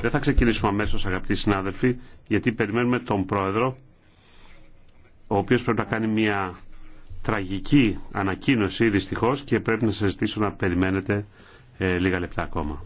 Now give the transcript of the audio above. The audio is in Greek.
Δεν θα ξεκινήσουμε αμέσως αγαπητοί συνάδελφοι γιατί περιμένουμε τον Πρόεδρο ο οποίος πρέπει να κάνει μια τραγική ανακοίνωση δυστυχώς και πρέπει να σας ζητήσω να περιμένετε ε, λίγα λεπτά ακόμα.